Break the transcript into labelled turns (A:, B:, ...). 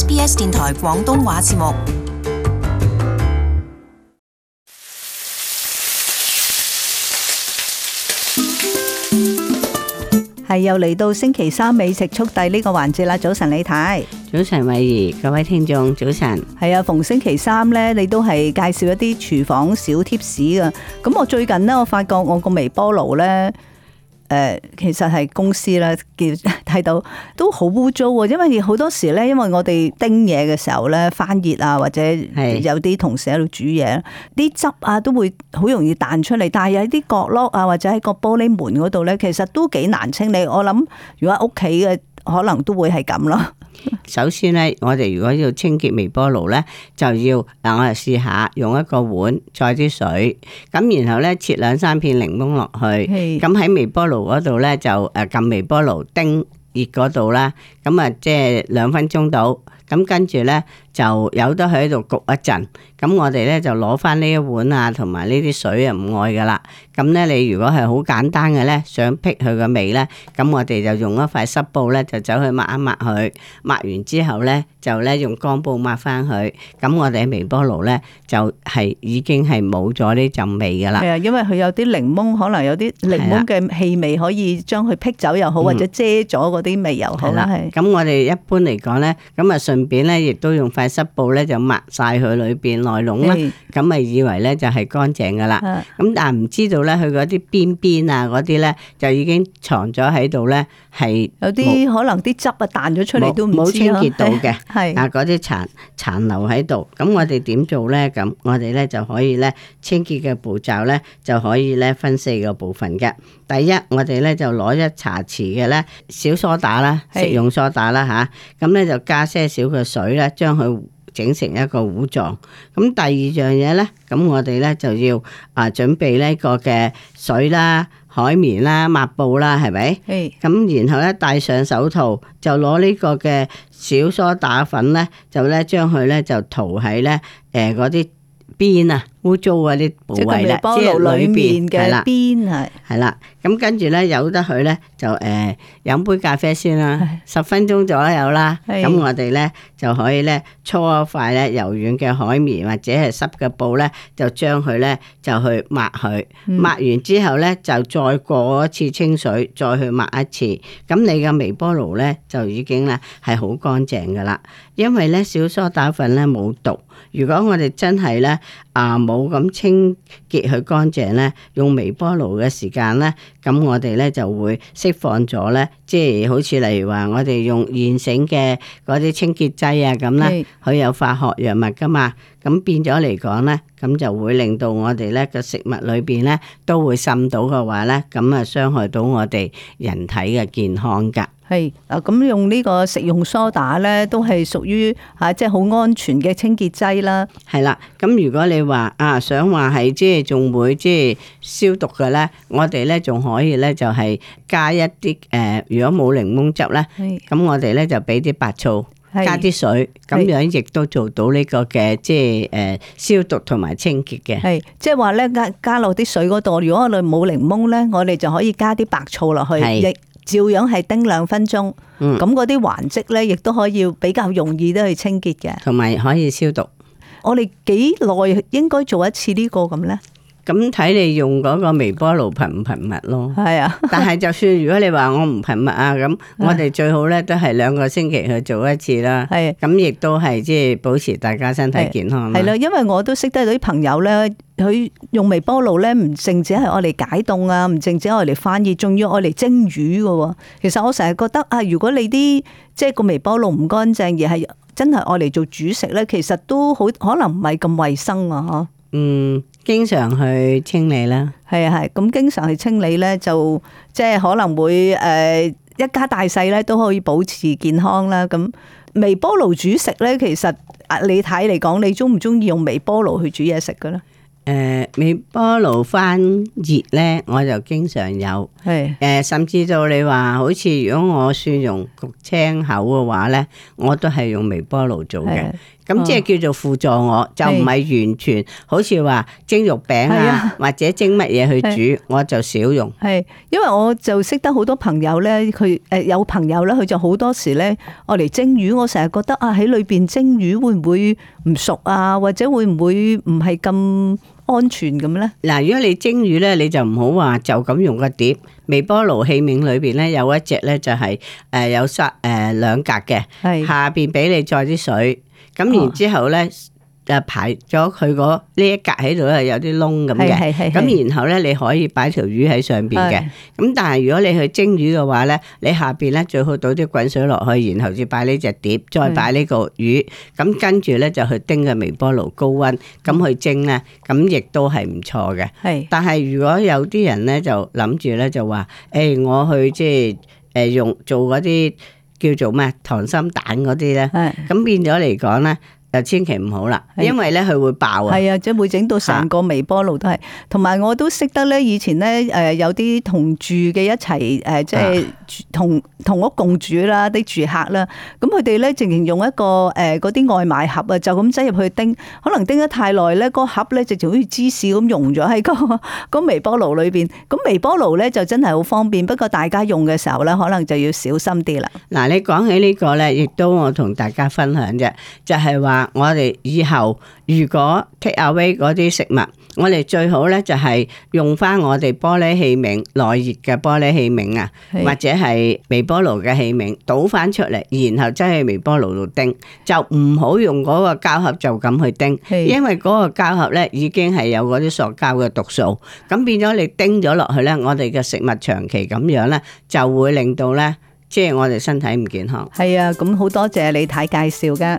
A: SBS 電台廣東話節目係又嚟到星期三美食速遞呢個環節啦！早晨李太，
B: 早晨偉儀，
A: 各位聽眾早晨。係啊，逢星期三呢，你都係介紹一啲廚房小貼士㗎。咁我最近呢，我發覺我個微波爐呢。誒，其實係公司啦，見睇到都好污糟啊！因為好多時咧，因為我哋叮嘢嘅時候咧，翻熱啊，或者有啲同事喺度煮嘢，啲是的 汁啊都會好容易彈出嚟。但係喺啲角落啊，或者喺個玻璃門嗰度咧，其實都幾難清理。我諗如果屋企嘅。可能都會係咁咯。
B: 首先咧，我哋如果要清潔微波爐咧，就要嗱，我哋試下用一個碗，載啲水，咁然後咧，切兩三片檸檬落去，咁喺 Okay. 微波爐嗰度咧就誒撳微波爐叮熱嗰度啦。咁啊，即係兩分鐘到。咁跟住咧。就有得佢喺度焗一陣，咁我哋咧就攞翻呢一碗啊，同埋呢啲水啊唔愛噶啦。咁咧，你如果係好簡單嘅咧，想辟佢個味咧，咁我哋就用一塊濕布咧，就走去抹一抹佢。抹完之後咧，就咧用乾布抹翻佢。咁我哋微波爐咧，就係、是、已經係冇咗呢陣味噶啦。
A: 係啊，因為佢有啲檸檬，可能有啲檸檬嘅氣味可以將佢辟走又好，的或者遮咗嗰啲味又好啦。
B: 咁我哋一般嚟講咧，咁啊順便咧亦都用塊。濕布咧就抹晒佢裏邊內籠啦，咁咪是以為咧就係乾淨噶啦，咁是但係唔知道咧佢嗰啲邊邊啊嗰啲咧就已經藏咗喺度咧係有啲可能啲汁啊彈咗出嚟都唔好清潔到嘅，係嗱嗰啲殘殘留喺度，咁我哋點做咧？咁我哋咧就可以咧清潔嘅步驟咧就可以咧分四個部分嘅。第一，我哋咧就攞一茶匙嘅咧小梳打啦，食用梳打啦吓，咁咧是、啊、就加些少嘅水咧，將佢。整成一個糊狀。咁第二樣嘢呢，咁我哋呢就要啊準備呢個嘅水啦、海綿啦、抹布啦，係咪？咁是然後呢，戴上手套，就攞呢個嘅小梳打粉呢，就呢將佢呢就塗喺呢誒嗰啲邊啊。污糟啊啲部位啦，即係微波爐裏邊嘅邊，係，係啦。咁跟住咧，由得佢咧就誒飲杯咖啡先啦，十分鐘左右啦。咁我哋咧就可以咧搓一塊咧柔軟嘅海綿或者係濕嘅布咧，就將佢咧就去抹佢，抹完之後咧就再過一次清水，再去抹一次。咁你嘅微波爐咧就已經咧係好乾淨噶啦，因為咧小蘇打粉咧冇毒。如果我哋真係咧啊冇。冇咁清潔佢乾淨咧，用微波爐嘅時間咧，咁我哋咧就會釋放咗咧，即係好似例如話我哋用現成嘅嗰啲清潔劑啊咁咧，佢 Okay. 有化學藥物噶嘛。咁變咗嚟講呢，咁就會令到我哋呢個食物裏邊呢，都會滲到嘅話呢，咁啊傷害到我哋人體嘅健康噶。係
A: 啊，咁用呢個食用梳打呢，都係屬於
B: 啊，即係好安全嘅清潔劑啦。係啦，咁如果你話啊想話係即係仲會即係消毒嘅呢，我哋呢仲可以呢，就係加一啲誒、呃，如果冇檸檬汁呢，咁的我哋呢就俾啲白醋。加啲水，咁樣亦都做到呢個嘅，是即係誒消毒同埋清潔嘅。係，即係
A: 話咧加加落啲水嗰度，如果我哋冇檸檬咧，我哋就可以加啲白醋落去，亦照是樣係叮兩分鐘。咁嗰啲環迹咧，亦都可以比較容易都去清
B: 潔嘅，同埋可以消毒。我哋幾耐應該做一次呢個咁咧？咁睇你用嗰個微波爐頻唔頻密咯，係啊。但係就算如果你話我唔頻密啊，咁我哋最好咧都係兩個星期去做一次啦。係、啊，咁亦都係即係保持大家身體健康。係啦、啊
A: 啊，因為我都識得嗰啲朋友咧，佢用微波爐咧唔淨止係愛嚟解凍啊，唔淨止愛嚟翻熱，仲要愛嚟蒸魚噶。其實我成日覺得啊，如果你啲即係個微波爐唔乾淨，而係真係愛嚟做主食咧，其實都好可能唔係咁衛生啊！嗬，嗯。經常去清理啦，係啊係，咁經常去清理咧，就即係可能會誒一家大細咧都可以保持健康啦。咁微波爐煮食咧，其實啊，你睇嚟講，你中唔中意用微波爐去煮嘢食噶咧？
B: 誒，微波爐翻熱咧，我就經常有，係誒，甚至到你話好似如果我蒜蓉焗青口嘅話咧，我都係用微波爐做嘅。咁即係叫做輔助我，哦、就唔係完全是好似話蒸肉餅啊，啊或者蒸乜嘢去煮，是我就少用。
A: 係，因為我就識得好多朋友咧，佢誒有朋友咧，佢就好多時咧，我嚟蒸魚，我成日覺得啊，喺裏邊蒸魚會唔會唔熟啊？或者會唔會唔係咁安全咁
B: 咧？嗱，如果你蒸魚咧，你就唔好話就咁用個碟，微波爐器皿裏邊咧，有一隻咧就係誒有三誒兩格嘅，係下邊俾你載啲水。咁然之後咧，就排咗佢嗰呢一格喺度咧，有啲窿咁嘅。咁然後咧，你可以擺條魚喺上邊嘅。咁是是 但係如果你去蒸魚嘅話咧，你下邊咧最好倒啲滾水落去，然後再擺呢隻碟，再擺呢個魚。咁跟住咧就去叮個微波爐高溫，咁去蒸咧，咁亦都係唔錯嘅。係。是是 但係如果有啲人咧就諗住咧就話，誒、哎、我去即係誒用做嗰啲。叫做咩？溏心蛋嗰啲咧，咁的變咗嚟講咧。就千祈唔好啦，因為咧佢會爆啊，係啊，即係會整到成個微波爐
A: 都係。同埋、啊、我都識得咧，以前咧誒，有啲同住嘅一齊誒，即係同同屋共住啦，啲住客啦，咁佢哋咧淨係用一個誒嗰啲外賣盒啊，就咁擠入去叮，可能叮得太耐咧，個盒咧直情好似芝士咁溶咗喺個個微波爐裏邊。咁微波爐咧就真係好方便，不過大家用嘅時
B: 候咧，可能就要小心啲啦。嗱、這個，你講起呢個咧，亦都我同大家分享啫，就係話。我哋以後如果 take away 嗰啲食物，我哋最好咧就係、是、用翻我哋玻璃器皿耐熱嘅玻璃器皿啊，是或者係微波爐嘅器皿倒翻出嚟，然後擠喺微波爐度叮，就唔好用嗰個膠盒就咁去叮，是因為嗰個膠盒咧已經係有嗰啲塑膠嘅毒素，咁變咗你叮咗落去咧，我哋嘅食物長期咁樣咧，就會令到咧，即係我哋身體唔健康。
A: 係啊，咁好多謝李太介紹噶。